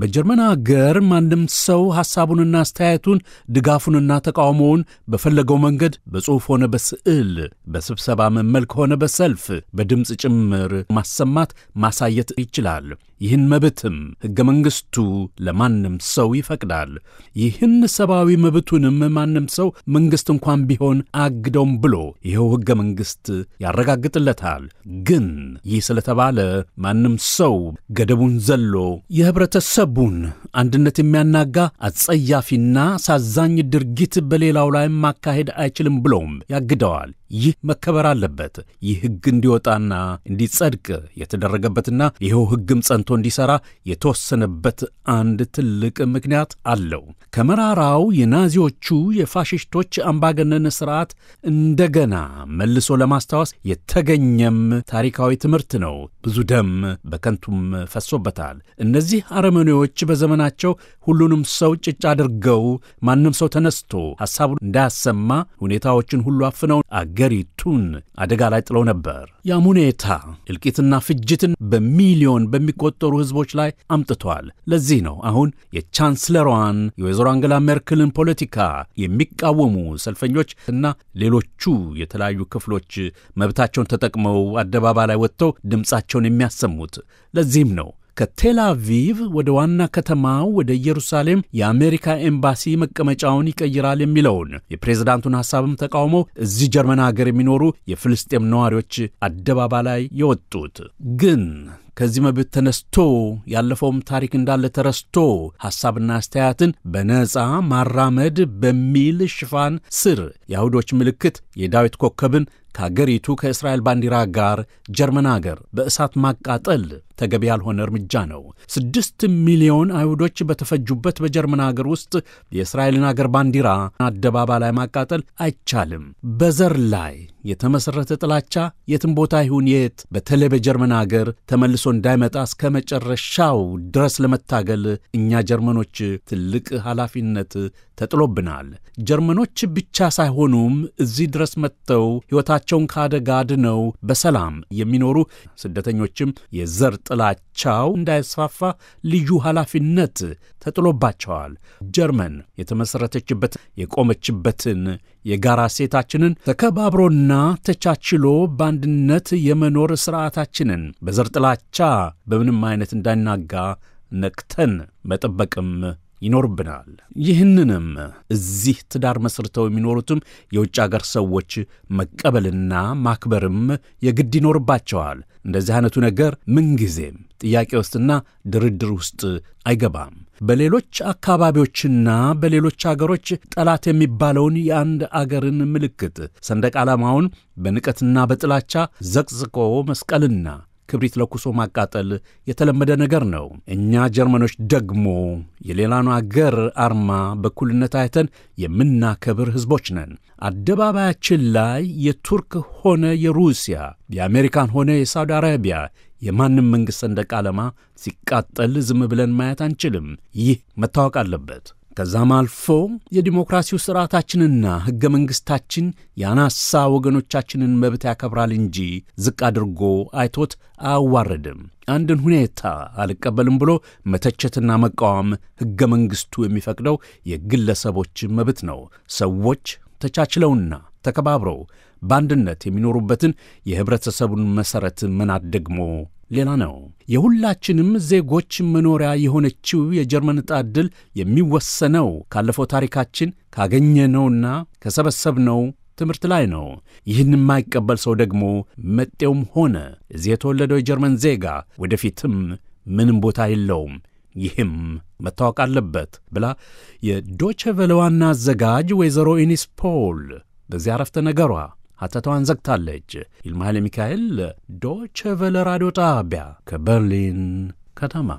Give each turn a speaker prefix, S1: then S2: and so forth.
S1: በጀርመን አገር ማንም ሰው ሐሳቡንና አስተያየቱን ድጋፉንና ተቃውሞውን በፈለገው መንገድ በጽሑፍ ሆነ በስዕል፣ በስብሰባ መመልክ ሆነ በሰልፍ፣ በድምፅ ጭምር ማሰማት ማሳየት ይችላል። ይህን መብትም ሕገ መንግሥቱ ለማንም ሰው ይፈቅዳል። ይህን ሰብአዊ መብቱንም ማንም ሰው መንግሥት እንኳን ቢሆን አግደውም ብሎ ይኸው ሕገ መንግሥት ያረጋግጥለታል። ግን ይህ ስለተባለ ማንም ሰው ገደቡን ዘሎ የኅብረተሰቡን አንድነት የሚያናጋ አጸያፊና አሳዛኝ ድርጊት በሌላው ላይም ማካሄድ አይችልም ብሎም ያግደዋል። ይህ መከበር አለበት። ይህ ሕግ እንዲወጣና እንዲጸድቅ የተደረገበትና ይኸው ሕግም ጸንቶ እንዲሠራ የተወሰነበት አንድ ትልቅ ምክንያት አለው። ከመራራው የናዚዎቹ የፋሽስቶች አምባገነን ሥርዓት እንደገና መልሶ ለማስታወስ የተገኘም ታሪካዊ ትምህርት ነው። ብዙ ደም በከንቱም ፈሶበታል። እነዚህ አረመኔዎች በዘመናቸው ሁሉንም ሰው ጭጭ አድርገው ማንም ሰው ተነስቶ ሐሳቡን እንዳያሰማ ሁኔታዎችን ሁሉ አፍነው ሀገሪቱን አደጋ ላይ ጥለው ነበር። ያም ሁኔታ እልቂትና ፍጅትን በሚሊዮን በሚቆጠሩ ሕዝቦች ላይ አምጥቷል። ለዚህ ነው አሁን የቻንስለሯን የወይዘሮ አንገላ ሜርክልን ፖለቲካ የሚቃወሙ ሰልፈኞች እና ሌሎቹ የተለያዩ ክፍሎች መብታቸውን ተጠቅመው አደባባይ ላይ ወጥተው ድምፃቸውን የሚያሰሙት። ለዚህም ነው ከቴል አቪቭ ወደ ዋና ከተማው ወደ ኢየሩሳሌም የአሜሪካ ኤምባሲ መቀመጫውን ይቀይራል የሚለውን የፕሬዝዳንቱን ሐሳብም ተቃውመው እዚህ ጀርመን ሀገር የሚኖሩ የፍልስጤም ነዋሪዎች አደባባላይ ላይ የወጡት ግን ከዚህ መብት ተነስቶ ያለፈውም ታሪክ እንዳለ ተረስቶ ሐሳብና አስተያየትን በነፃ ማራመድ በሚል ሽፋን ስር የአይሁዶች ምልክት የዳዊት ኮከብን ከአገሪቱ ከእስራኤል ባንዲራ ጋር ጀርመን አገር በእሳት ማቃጠል ተገቢ ያልሆነ እርምጃ ነው። ስድስት ሚሊዮን አይሁዶች በተፈጁበት በጀርመን አገር ውስጥ የእስራኤልን አገር ባንዲራ አደባባይ ላይ ማቃጠል አይቻልም። በዘር ላይ የተመሠረተ ጥላቻ የትም ቦታ ይሁን የት፣ በተለይ በጀርመን አገር ተመልሶ እንዳይመጣ እስከ መጨረሻው ድረስ ለመታገል እኛ ጀርመኖች ትልቅ ኃላፊነት ተጥሎብናል። ጀርመኖች ብቻ ሳይሆኑም እዚህ ድረስ መጥተው ሕይወታ ራሳቸውን ከአደጋ አድነው በሰላም የሚኖሩ ስደተኞችም የዘር ጥላቻው እንዳይስፋፋ ልዩ ኃላፊነት ተጥሎባቸዋል። ጀርመን የተመሠረተችበት የቆመችበትን የጋራ ሴታችንን ተከባብሮና ተቻችሎ በአንድነት የመኖር ሥርዓታችንን በዘር ጥላቻ በምንም አይነት እንዳይናጋ ነቅተን መጠበቅም ይኖርብናል። ይህንንም እዚህ ትዳር መስርተው የሚኖሩትም የውጭ አገር ሰዎች መቀበልና ማክበርም የግድ ይኖርባቸዋል። እንደዚህ አይነቱ ነገር ምንጊዜም ጥያቄ ውስጥና ድርድር ውስጥ አይገባም። በሌሎች አካባቢዎችና በሌሎች አገሮች ጠላት የሚባለውን የአንድ አገርን ምልክት ሰንደቅ ዓላማውን በንቀትና በጥላቻ ዘቅዝቆ መስቀልና ክብሪት ለኩሶ ማቃጠል የተለመደ ነገር ነው። እኛ ጀርመኖች ደግሞ የሌላን አገር አርማ በኩልነት አይተን የምናከብር ሕዝቦች ነን። አደባባያችን ላይ የቱርክ ሆነ የሩሲያ የአሜሪካን ሆነ የሳውዲ አረቢያ የማንም መንግሥት ሰንደቅ ዓላማ ሲቃጠል ዝም ብለን ማየት አንችልም። ይህ መታወቅ አለበት። ከዛም አልፎ የዲሞክራሲው ሥርዓታችንና ሕገ መንግሥታችን የአናሳ ወገኖቻችንን መብት ያከብራል እንጂ ዝቅ አድርጎ አይቶት አያዋርድም። አንድን ሁኔታ አልቀበልም ብሎ መተቸትና መቃወም ሕገ መንግሥቱ የሚፈቅደው የግለሰቦች መብት ነው። ሰዎች ተቻችለውና ተከባብረው በአንድነት የሚኖሩበትን የኅብረተሰቡን መሠረት መናድ ደግሞ ሌላ ነው። የሁላችንም ዜጎች መኖሪያ የሆነችው የጀርመን ዕጣ ዕድል የሚወሰነው ካለፈው ታሪካችን ካገኘነውና ከሰበሰብነው ትምህርት ላይ ነው። ይህን የማይቀበል ሰው ደግሞ መጤውም ሆነ እዚህ የተወለደው የጀርመን ዜጋ ወደፊትም ምንም ቦታ የለውም። ይህም መታወቅ አለበት ብላ የዶቸ ዋና አዘጋጅ ወይዘሮ ኢኒስ ፖል በዚህ አረፍተ ነገሯ ሐተታዋን ዘግታለች። ይልማ ኃይለ ሚካኤል ዶቸ ቨለ ራዲዮ ጣቢያ ከበርሊን ከተማ